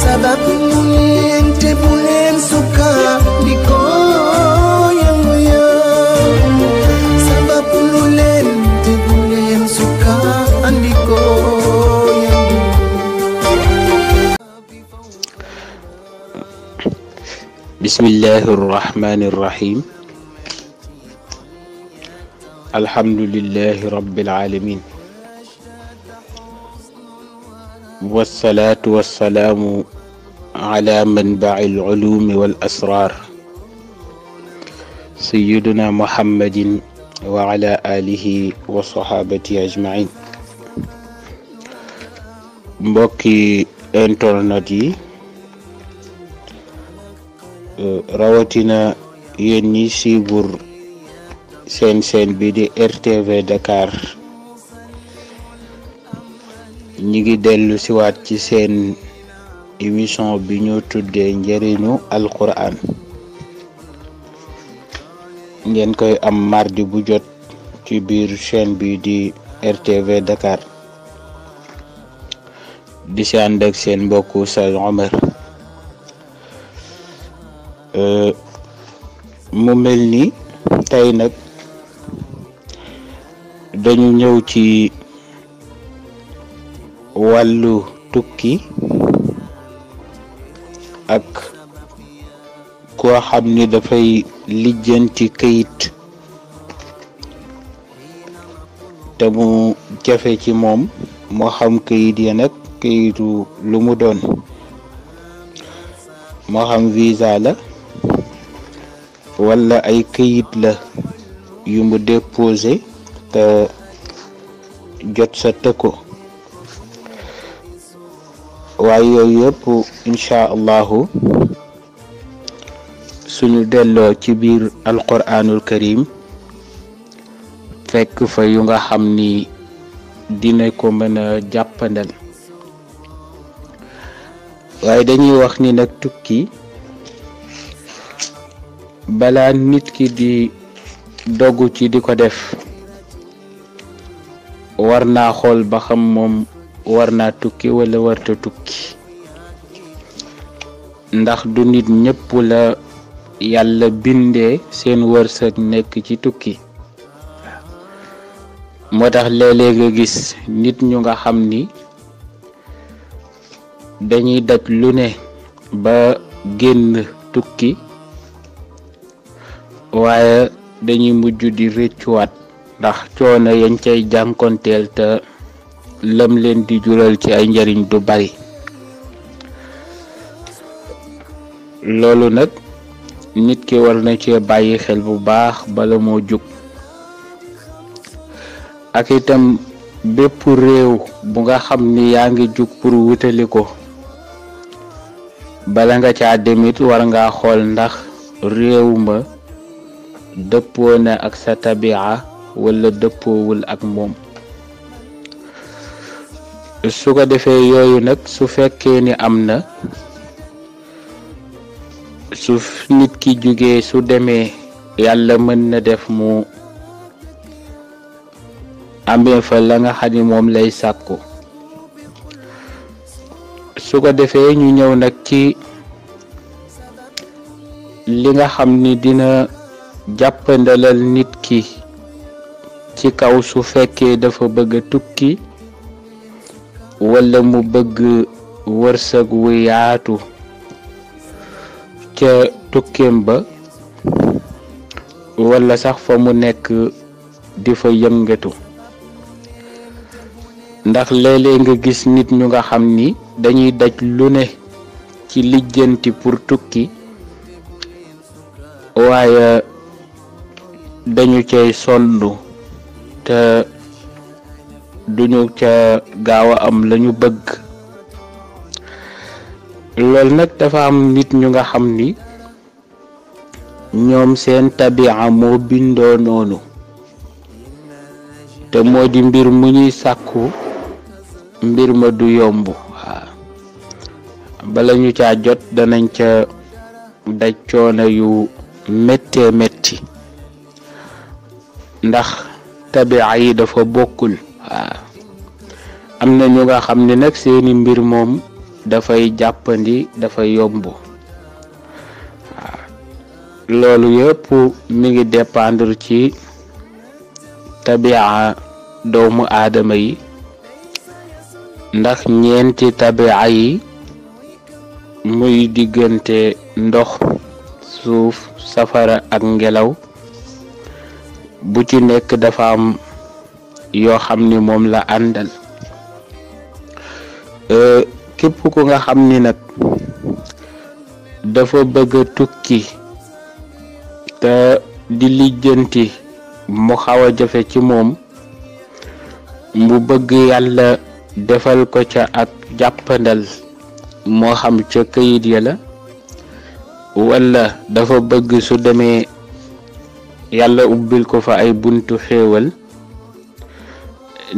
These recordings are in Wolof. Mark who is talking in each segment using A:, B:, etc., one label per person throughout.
A: Sebab mungkin cipunin suka di kau yang mulia Sebab mungkin cipunin suka di kau yang mulia Bismillahirrahmanirrahim Alhamdulillahi Rabbil Alamin والصلاة والسلام على منبع العلوم والأسرار سيدنا محمد وعلى آله وصحابته أجمعين mbokki انترنتي yi rawatina بر ñi سين بدي seen bi di RTV Dakar ñi ngi dellu siwaat ci seen émission bi ñu tuddee njëriñu alquran ngeen koy am mardi bu jot ci biir chaîne bi di RTV Dakar di si ànd seen mbokku Sall Omar mu mel ni tey nag dañu ñëw ci wallu tukki ak koo xam ni dafay lijjanti këyit te mu jafe ci moom moo xam këyit ya nag këyitu lu mu doon moo xam visa la wala ay këyit la yu mu déposé jot sa tëkko waaye yooyu yëpp incha allahu suñu delloo ci biir alquranul karim fekk fa yu nga xam ni dina ko mën a jàppandal waaye dañuy wax ni nag tukki balaa nit ki di dogu ci di ko def war naa xool ba xam moom warna tuki tukki wala warta tukki ndax du nit ñepp la yalla bindé seen wërsëg nekk ci tukki motax tax léeg nga gis nit ñu nga xamni dañuy daj lu ne ba génn tukki waaye dañuy mujj di ndax coono yañ cay jànkonteel te lam leen di jural ci ay njariñ du bari loolu nag nit ki war na cee bàyyi xel bu baax bala moo jóg ak itam bépp réew bu nga xam ni yaa ngi jóg pour wutali ko bala nga caa demit war nga xool ndax réew ma dëppoo na ak sa tabia wala dëppoowul ak moom su ko defee yooyu nag su fekkee ni am na su nit ki jógee su demee yàlla mën na def mu amee la nga xam ni moom lay sàkku su ko defee ñu ñëw nag ci li nga xam ni dina jàppandalal nit ki ci kaw su fekkee dafa bëgg a tukki wala mu bëgg wërsëg wu yaatu ca tukkeem ba wala sax fa mu nekk di fa yëngatu ndax léeg-léeg nga gis nit ñu nga xam ni dañuy daj lu ne ci lijjanti pour tukki waaye dañu cay sonn te duñu ca gaaw a am lañu bëgg loolu nag dafa am nit ñu nga xam ni ñoom seen tabia moo bindoo noonu te moo di mbir mu ñuy sàkku mbir ma du yomb waaw bala ñu caa jot danañ ca daj yu méttee métti ndax tabia yi dafa bokkul waaw amna ñu nga xamni nak seeni mbir fay jappandi da fay yombu lolu yepp mi ngi dépendre ci tabia doomu adama yi ndax ñeenti tabia yi muy diggante ndox suuf safara ak ngelaw bu ci nekk dafa am yoo xam ni la àndal Euh, képp ku nga xam ni nag dafa bëgg a tukki te di lijjanti mu xaw a jafe ci moom mu bëgg yàlla defal ko ca ak jàppandal moo xam ca këyit ya la wala dafa bëgg su demee yàlla ubbil ko fa ay buntu xéewal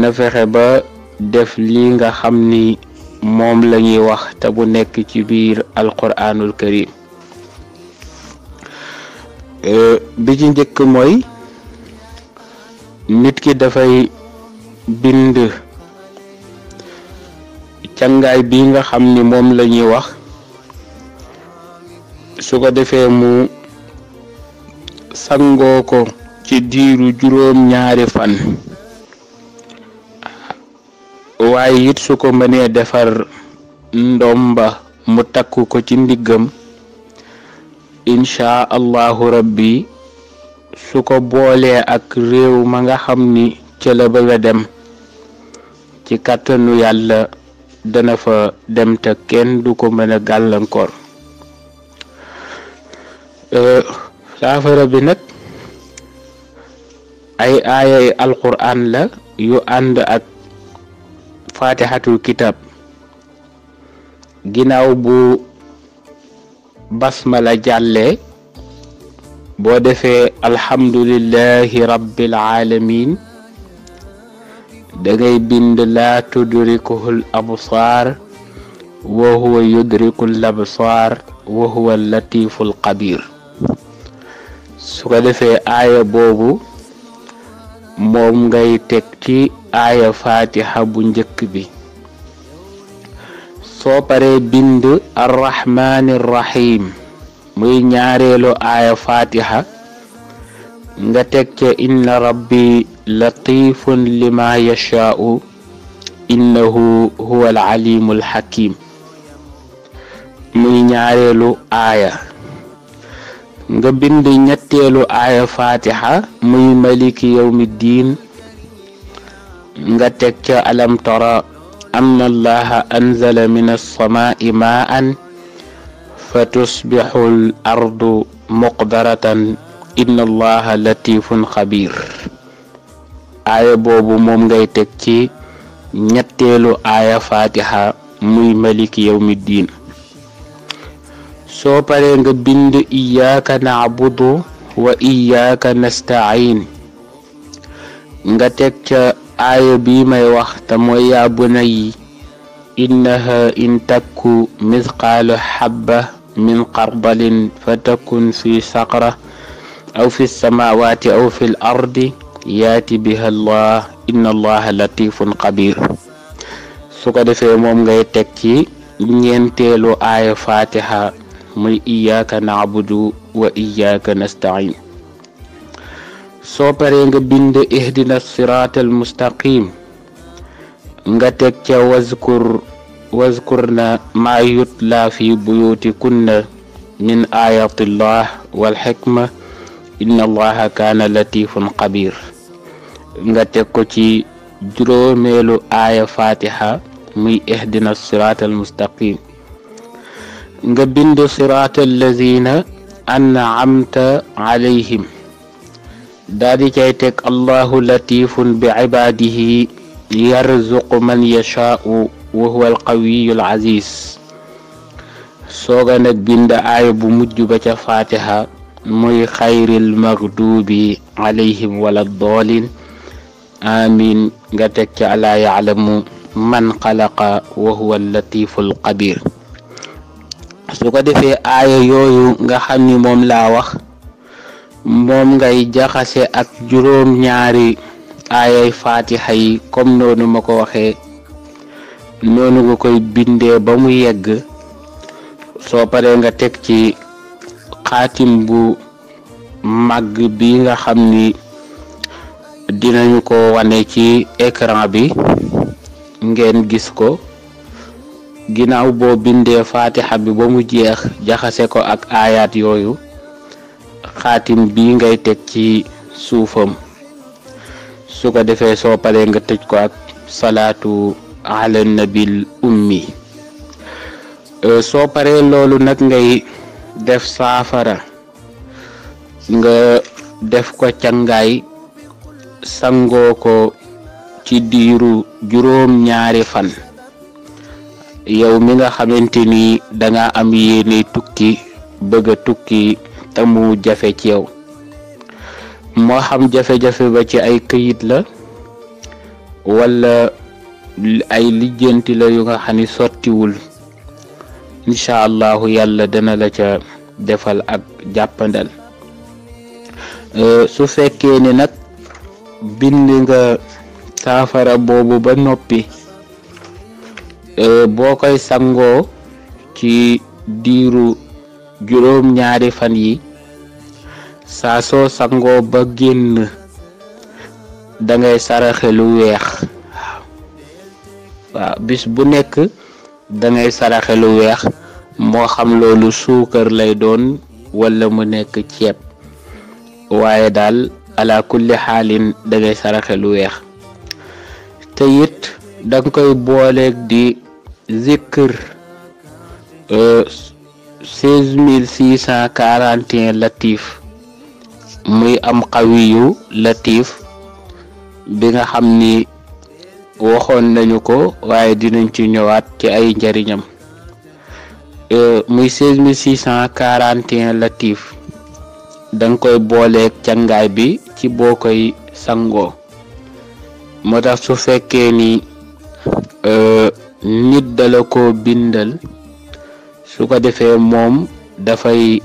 A: na fexe ba def li nga xam ni moom lañuy wax te bu nekk ci biir alquranul karim euh, bi ci njëkk mooy nit ki dafay bind càngaay bi nga xam ni moom lañuy wax su ko defee mu sangoo ko ci diiru juróom ñaari fan waye it suko ko defar ndomba mu takku ko ci ndigam insha allahu rabbi suko bolé ak rew ma nga xamni ci la bëgg dem ci katanu yalla dana fa dem ta kenn du ko mëna galankor euh saafara bi nak ay aayay alquran la yu and ak fatihatul kitab ginnaaw bu basmala jàlle boo defee alhamdulillahi rabbil alamin da bind laa tudrikuhul absaar wa huwa absaar wa huwa latiful xabir su ko boobu moom ngay teg ci aaya fatiha bu njëkk bi soo paree bind arrahmaani rahim muy ñaareelu aaya fatiha nga teg ca inna rabbi latifun lima yashaa'u innahu huwa alimu al muy ñaareelu aaya nga bind ñetteelu aaya fatiha muy maliki yawmi diin nga teg ca alam tara anna allaha anzala min alsamaai maan fa tusbixu al muqdaratan inna allaha latifun xabir aaya boobu moom ngay teg ci ñetteelu aaya fatiha muy maliki yawmi diin soo paree nga bind iyyaka na'budu wa iyyaka nasta'in nga teg ca aaya bi may wax te mooy yaa bunayya innaha in takku mithqaalu habba min xardalin fa takun fi saqra aw fi samawati aw fi ardi yaati biha allah inna allaha latifun xabir su ko defee moom ngay teg ci ñeenteelu aaya fatiha muy na na'budu wa iyyaka nasta'in soo paree nga bind ihdina siraatal mustaqim nga teg ca wazkur wazkurna maa yutla fi buyutikunna min ayatillah wal xikma inna allaha kaana latifun xabir nga teg ko ci juróomeelu aaya fatiha muy ihdina siraatal mustaqim nga bind siraat allazina an'amta alayhim daa di cay teg allahu latifun bi ibaadihi yarzuqu man yashaa'u wa huwa alqawiyu alaziz sooga nag bind aaya bu mujj ba ca faatiha muy xayril magdubi alayhim wala doolin amin nga teg ca alaa yaclamu man xalaqa wa huwa allatifu alqabir su ko defee aaya yooyu nga xam ni moom laa wax moom ngay jaxase ak juróom ñaari aayay faatixa yi comme noonu ma ko waxee noonu nga koy bindee ba mu yegg soo paree nga teg ci xaatim bu màgg bi nga xam ni dinañu ko wane ci écran bi ngeen gis ko ginnaaw boo bindee faatixa bi ba mu jeex jaxase ko ak aayaat yooyu xaatim bi ngay teg ci suufam su ko defee soo paree nga tëj ko ak salaatu ala nabil ummi euh, soo paree loolu nag ngay def saafara nga def ko cangaay sangoo ko ci diiru juróom ñaari fan yow mi nga xamante ni danga am yéene tukki bëgg tukki tamu jafe ci yow moo xam jafe-jafe ba ci ay këyit la wala ay liggénti la yu nga xam ni sottiwul incha allahu yàlla dana la ca defal ak jàppandal euh, su fekkee ni nag bind nga saafara boobu ba noppi Euh, boo koy sangoo ci diiru juróom ñaari fan yi saa soo sangoo ba génn dangay saraxe lu weex waaw bis bu nekk dangay saraxe lu weex moo xam loolu suukar lay doon walla mu nekk ceeb waaye daal ala kulli xaalin dangay saraxe lu weex te danga koy booleeg di zikr euh, seize mille six latif muy am xawiyu latif bi nga xam ni waxoon nañu ko waaye dinañ ci ñëwaat ci ay njariñam euh, muy seize mille six cent quarante et latif danga koy booleeg cangaay bi ci boo koy sangoo moo tax su fekkee ni euh, nit dala ko bindal su ko defee moom dafay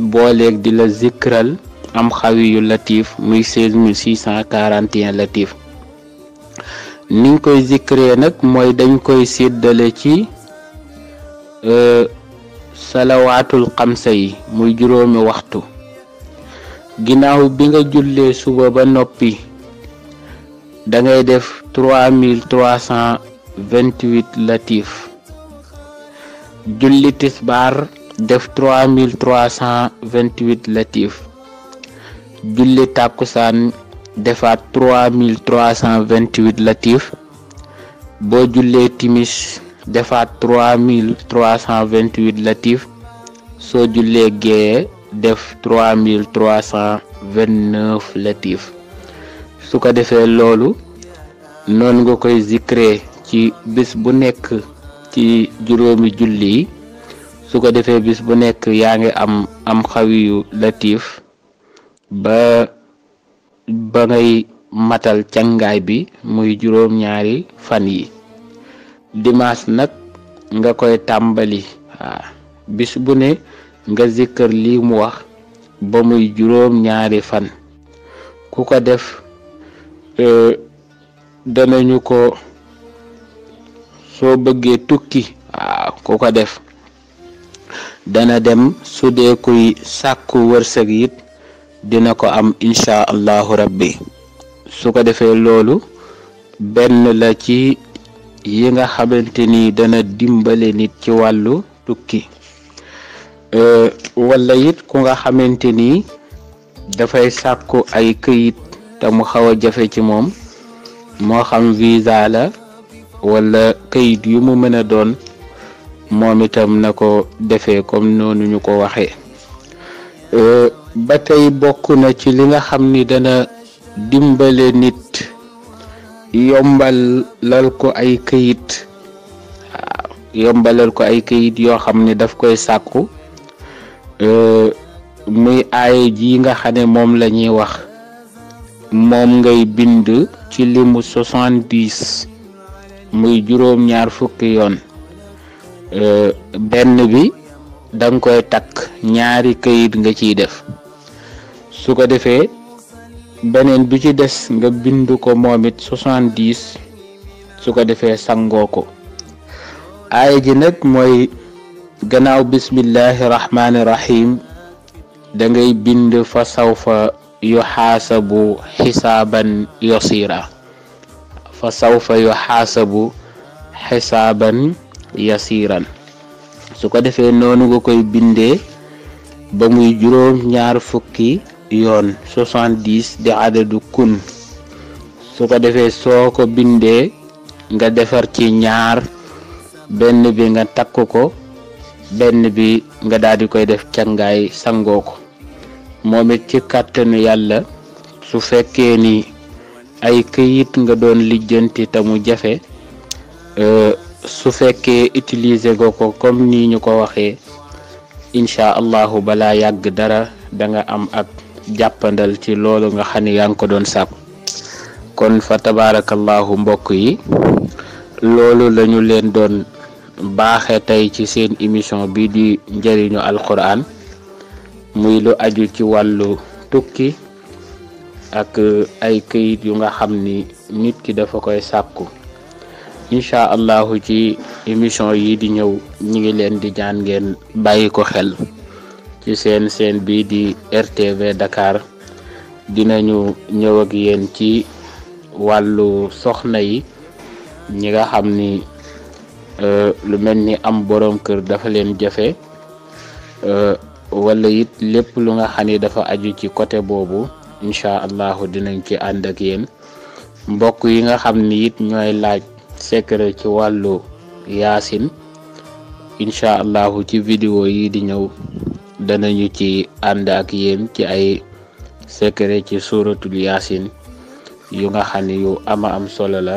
A: booleeg di la zikral am xawi yu latif muy 16641 latif niñ koy zikree nag mooy dañ koy séddale ci euh, salawaatul xamsa yi muy juróomi waxtu ginnaaw bi nga jullee suba ba noppi da ngay def 3300 28 latif julli tisbaar def 3328 latif julli tàkkusaan defaat 3328 latif boo jullee timis defaat 3328 latif soo jullee gee def 3329 latif su ko defee loolu noonu nga koy zikree ci bis bu nekk ci juróomi julli yi su ko defee bis bu nekk yaa ngi am am xawiyu latif ba ba ngay matal cangaay bi muy juróom-ñaari fan yi dimaas nag nga koy tàmbali waaw bis bu ne nga zikkër lii mu wax ba muy juróom-ñaari fan ku ko def euh, danañu ko soo bëggee tukki waaw ku ko def dana dem su dee kuy sàkku wërsëg yit dina ko am incha allahu rabbi su ko defee loolu benn la ci yi nga xamante ni dana dimbale nit ci wàllu tukki euh, wala yit ku nga xamante ni dafay sàkku ay këyit te mu xaw a jafe ci moom moo xam visa la wala kayit yu mu mën a doon moom itam na ko defee comme noonu ñu ko waxee euh, ba tey bokk na ci li nga xam ni dana dimbale nit yombalal ko ay kayit yoo xam ni daf koy sàkku euh, muy aaye ji nga xam ne moom la ñuy wax moom ngay bind ci limu soixante muy juróom ñaar fukki yoon benn bi danga nga koy takk ñaari kayit nga ciy def su ko defee beneen bi ci des nga bind ko moom it su ko defee sangoo ko aaya ji nag mooy gannaaw bismillahi rahmaani rahim da ngay bind fa sawfa yu bu xisaaban yosira fa sawfa yuxaasabu xisaaban yasiran su ko defee noonu nga koy bindee ba muy juróom ñaar fukki yoon soixante-dix di adadu kun su ko defee soo ko bindee nga defar ci ñaar benn bi nga takk ko benn bi nga daldi koy def cangaay sangoo ko moom it ci kàttanu yàlla su fekkee ni ay këyit nga doon lijjanti te mu jafe euh, su fekkee utiliser nga ko comme ni ñu ko waxee incha allahu balaa yàgg dara da nga am ak jàppandal ci loolu nga xam ne yaa ngi ko doon sàpp kon fa tabaarakallahu mbokk yi loolu lañu leen doon baaxe tey ci seen émission bi di njëriñu alquran muy lu aju ci wàllu tukki ak ay këyit yu nga xam ni nit ki dafa koy sàkku incha allahu ci émission yi di ñëw ñi ngi leen di jaan ngeen bàyyi ko xel ci seen seen bii di RTV Dakar dinañu ñëw ak yéen ci wàllu soxna yi ñi nga xam ni euh, lu mel ni am borom kër dafa leen jafe euh, wala it lépp lu nga xam ni dafa aju ci côté boobu incha allahu dinañ ci ànd ak yéen mbokk yi nga xam ni it ñooy laaj secret ci wàllu yasin incha allahu ci vidéo yi di ñëw danañu ci ànd ak yéen ci ay secret ci suuratul yaasin yu nga xam ne yu ama am solo la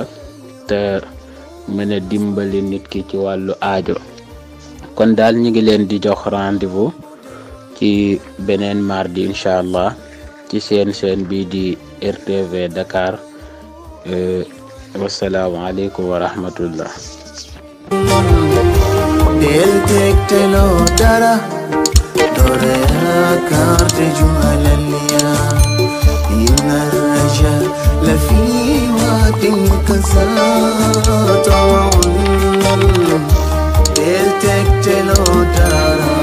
A: te mën a dimbali nit ki ci wàllu aajo kon daal ñu ngi leen di jox rendez ci beneen mardi incha allah ci seen chaîne bi di RTV Dakar wasalaamaaleykum wa rahmatullah del tek telo dara dore te jumal liya raja la fi wa tin kasata wa ul del tek telo dara